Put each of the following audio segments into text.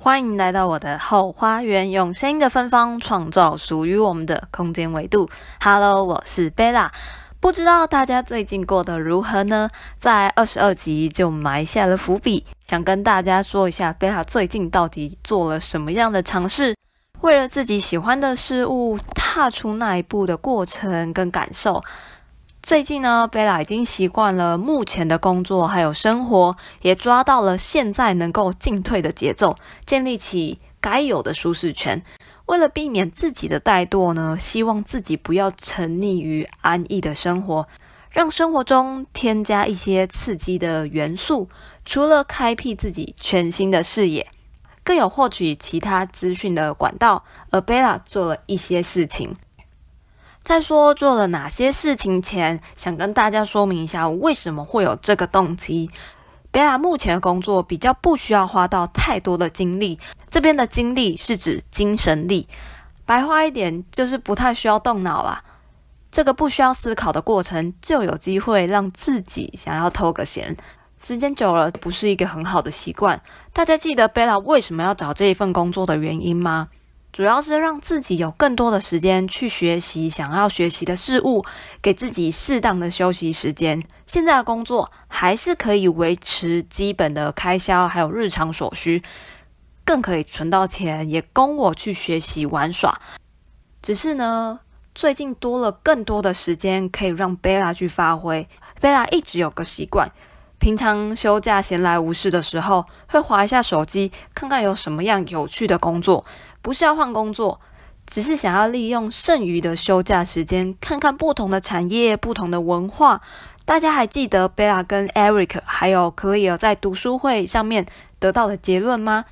歡迎來到我的後花園，用聲音的芬芳創造屬於我們的空間維度。Hello，我是 Bella，不知道大家最近過得如何呢？在二十二集就埋下了伏筆，想跟大家說一下 Bella 最近到底做了什麼樣的嘗試，為了自己喜歡的事物踏出那一步的過程跟感受。最近呢，貝拉已經習慣了目前的工作，還有生活，也抓到了現在能夠進退的節奏，建立起該有的舒適圈。為了避免自己的怠惰呢，希望自己不要沉溺於安逸的生活，讓生活中添加一些刺激的元素，除了開闢自己全新的視野，更有獲取其他資訊的管道。而貝拉做了一些事情。在說做了哪些事情前，想跟大家說明一下，我為什麼會有這個動機。貝拉目前的工作比較不需要花到太多的精力，這邊的精力是指精神力，白話一點就是不太需要動腦啦。這個不需要思考的過程，就有機會讓自己想要偷個閒。時間久了，不是一個很好的習慣。大家記得貝拉為什麼要找這一份工作的原因嗎？主要是讓自己有更多的時間去學習想要學習的事物，給自己適當的休息時間。現在的工作還是可以維持基本的開銷，還有日常所需，更可以存到錢，也供我去學習玩耍。只是呢，最近多了更多的時間，可以讓 Bella 去發揮。Bella 一直有個習慣。平常休假閒來無事的時候，會滑一下手機，看看有什麼樣有趣的工作。不是要換工作，只是想要利用剩餘的休假時間，看看不同的產業、不同的文化。大家還記得貝拉跟艾瑞克還有克萊爾在讀書會上面得到的結論嗎？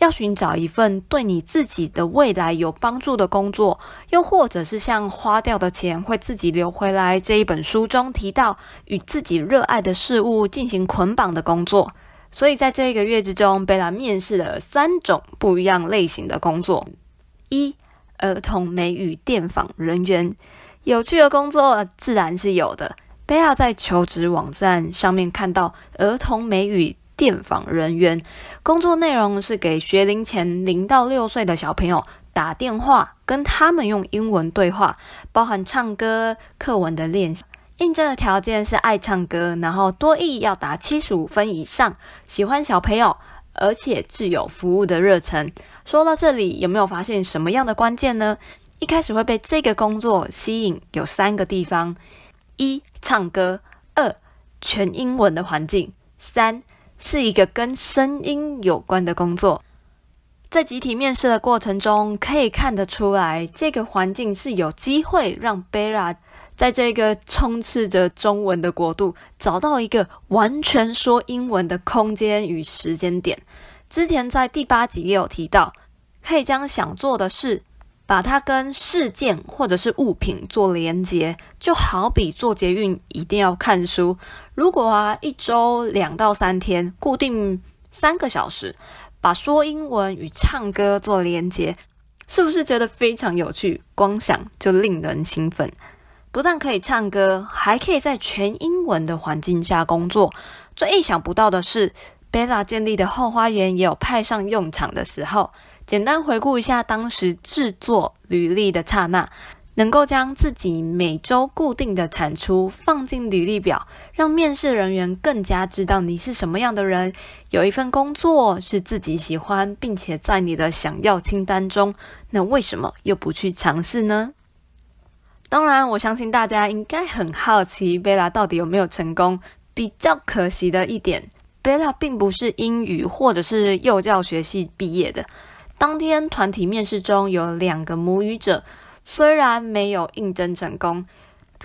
要尋找一份對你自己的未來有幫助的工作，又或者是像花掉的錢會自己流回來這一本書中提到，與自己熱愛的事物進行捆綁的工作。所以在這一個月之中，貝拉面試了三種不一樣類型的工作：一、兒童美語電訪人員。有趣的工作自然是有的。貝拉在求職網站上面看到兒童美語。電訪人員工作內容是給學齡前零到六歲的小朋友打電話，跟他們用英文對話，包含唱歌、課文的練習。應徵的條件是愛唱歌，然後多益要達七十五分以上，喜歡小朋友，而且具有服務的熱忱。說到這裡，有沒有發現什麼樣的關鍵呢？一開始會被這個工作吸引，有三個地方：一、唱歌；二、全英文的環境；三、是一個跟聲音有關的工作，在集體面試的過程中，可以看得出來，這個環境是有機會讓 Bella 在這個充斥着中文的國度，找到一個完全說英文的空間與時間點。之前在第八集也有提到，可以將想做的事，把它跟事件或者是物品做連接，就好比坐捷運一定要看書。如果啊，一周兩到三天，固定三個小時，把說英文與唱歌做連接，是不是覺得非常有趣？光想就令人興奮。不但可以唱歌，還可以在全英文的環境下工作。最意想不到的是，貝拉建立的 Hoo 花園也有派上用場的時候。簡單回顧一下當時制作履歷的剎那。能夠將自己每周固定的產出放進履歷表，讓面試人員更加知道你是什麼樣的人。有一份工作是自己喜歡，並且在你的想要清單中，那為什麼又不去嘗試呢？當然，我相信大家應該很好奇貝拉到底有沒有成功。比較可惜的一點，貝拉並不是英語或者是幼教學系畢業的。當天團體面試中有兩個母語者。雖然沒有應徵成功，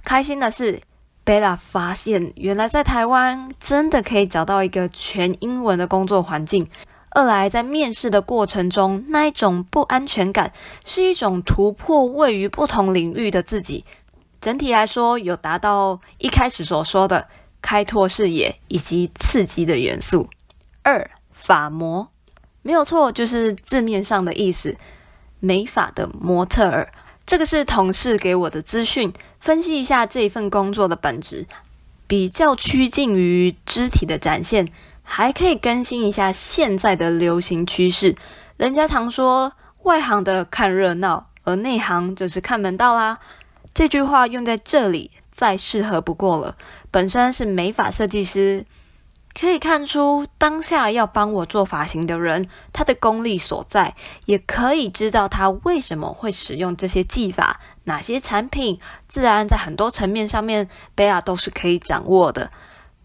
開心的是貝拉發現，原來在台灣真的可以找到一個全英文的工作環境。二來，在面試的過程中，那一種不安全感是一種突破，位於不同領域的自己。整體來說，有達到一開始所說的開拓視野以及刺激的元素。二，髮模，沒有錯，就是字面上的意思，美髮的模特兒。這個是同事給我的資訊，分析一下這一份工作的本質，比較趨近於肢體的展現，還可以更新一下現在的流行趨勢。人家常說外行的看熱鬧，而內行就是看門道啦。這句話用在這裡再適合不過了。本身是美髮設計師。可以看出當下要幫我做髮型的人，他的功力所在，也可以知道他為什麼會使用這些技法、哪些產品，自然在很多層面上面，貝拉都是可以掌握的。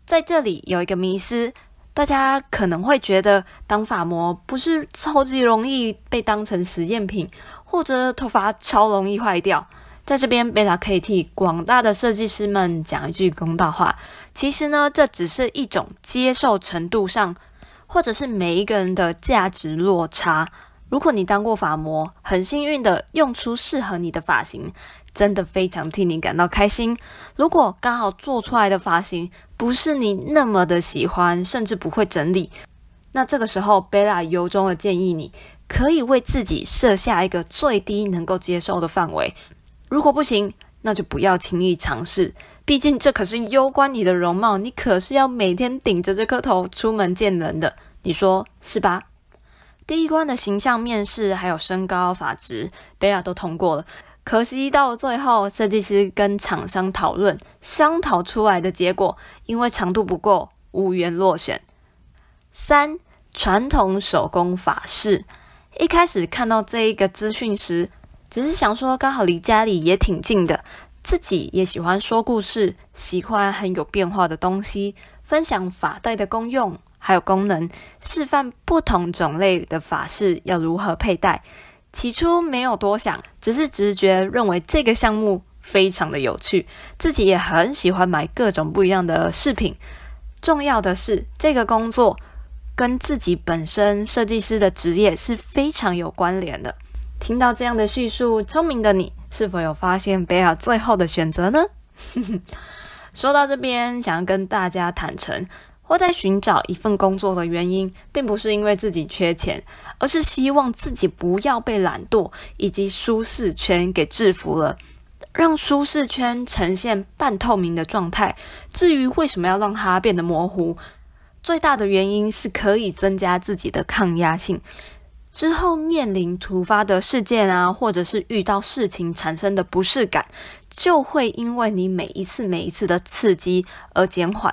在這裡有一個迷思，大家可能會覺得當髮模不是超級容易被當成實驗品，或者頭髮超容易壞掉？在這邊，貝拉可以替廣大的設計師們講一句公道話。其實呢，這只是一種接受程度上，或者是每一個人的價值落差。如果你當過髮模，很幸運的用出適合你的髮型，真的非常替你感到開心。如果剛好做出來的髮型不是你那麼的喜歡，甚至不會整理，那這個時候，貝拉由衷的建議你可以為自己設下一個最低能夠接受的範圍。如果不行，那就不要輕易嘗試。畢竟這可是攸關你的容貌，你可是要每天頂着這顆頭出門見人的，你說是吧？第一關的形象面試，還有身高、髮質貝拉都通過了。可惜到最後，設計師跟廠商討論商討出來的結果，因為長度不夠，無緣落選。三、傳統手工法式。一開始看到這一個資訊時。只是想說，剛好離家裡也挺近的，自己也喜歡說故事，喜歡很有變化的東西，分享髮帶的功用還有功能，示範不同種類的髮飾要如何佩戴。起初沒有多想，只是直覺認為這個項目非常的有趣，自己也很喜歡買各種不一樣的飾品。重要的是，這個工作跟自己本身設計師的職業是非常有關聯的。聽到這樣的敘述，聰明的你是否有發現 Bella 最後的選擇呢？ 說到這邊，想要跟大家坦誠，我在尋找一份工作的原因，並不是因為自己缺錢，而是希望自己不要被懶惰以及舒適圈給制服了，讓舒適圈呈現半透明的狀態。至於為什麼要讓它變得模糊，最大的原因是可以增加自己的抗壓性。之後面臨突發的事件啊，或者是遇到事情產生的不適感，就會因為你每一次每一次的刺激而減緩。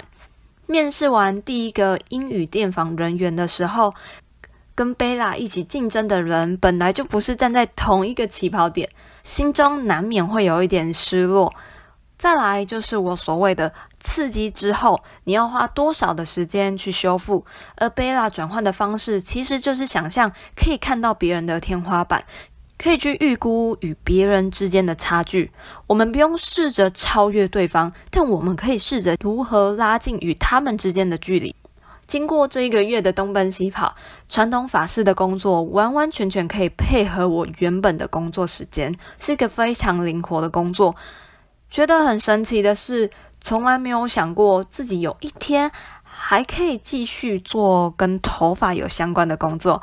面試完第一個英語電訪人員的時候，跟貝拉一起競爭的人本來就不是站在同一個起跑點，心中難免會有一點失落。再來就是我所謂的刺激之後，你要花多少的時間去修復？而貝拉轉換的方式其實就是想象，可以看到別人的天花板，可以去預估與別人之間的差距。我們不用試着超越對方，但我們可以試着如何拉近與他們之間的距離。經過這一個月的東奔西跑，傳統法式的工作完完全全可以配合我原本的工作時間，是一個非常靈活的工作。覺得很神奇的是，從來沒有想過自己有一天還可以繼續做跟頭髮有相關的工作。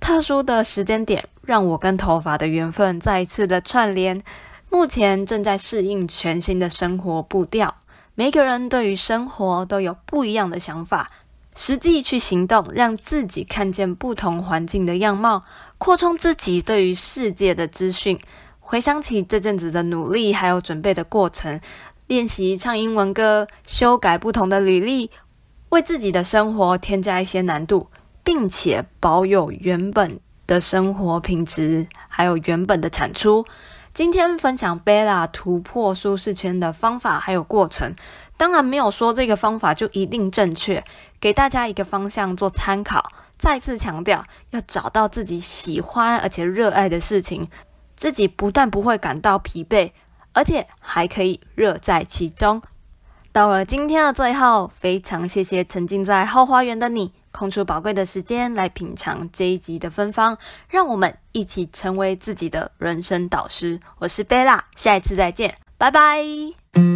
特殊的時間點讓我跟頭髮的緣分再一次的串聯。目前正在適應全新的生活步調。每個人對於生活都有不一樣的想法，實際去行動，讓自己看見不同環境的樣貌，擴充自己對於世界的資訊。回想起這陣子的努力，還有準備的過程，練習唱英文歌，修改不同的履歷，為自己的生活添加一些難度，並且保有原本的生活品質，還有原本的產出。今天分享 Bella 突破舒適圈的方法還有過程，當然沒有說這個方法就一定正確，給大家一個方向做參考。再次強調，要找到自己喜歡而且熱愛的事情。自己不但不會感到疲憊，而且還可以樂在其中。到了今天的最後，非常謝謝沉浸在後花園的你，空出寶貴的時間來品嘗這一集的芬芳。讓我們一起成為自己的人生導師。我是貝拉，下一次再見，拜拜。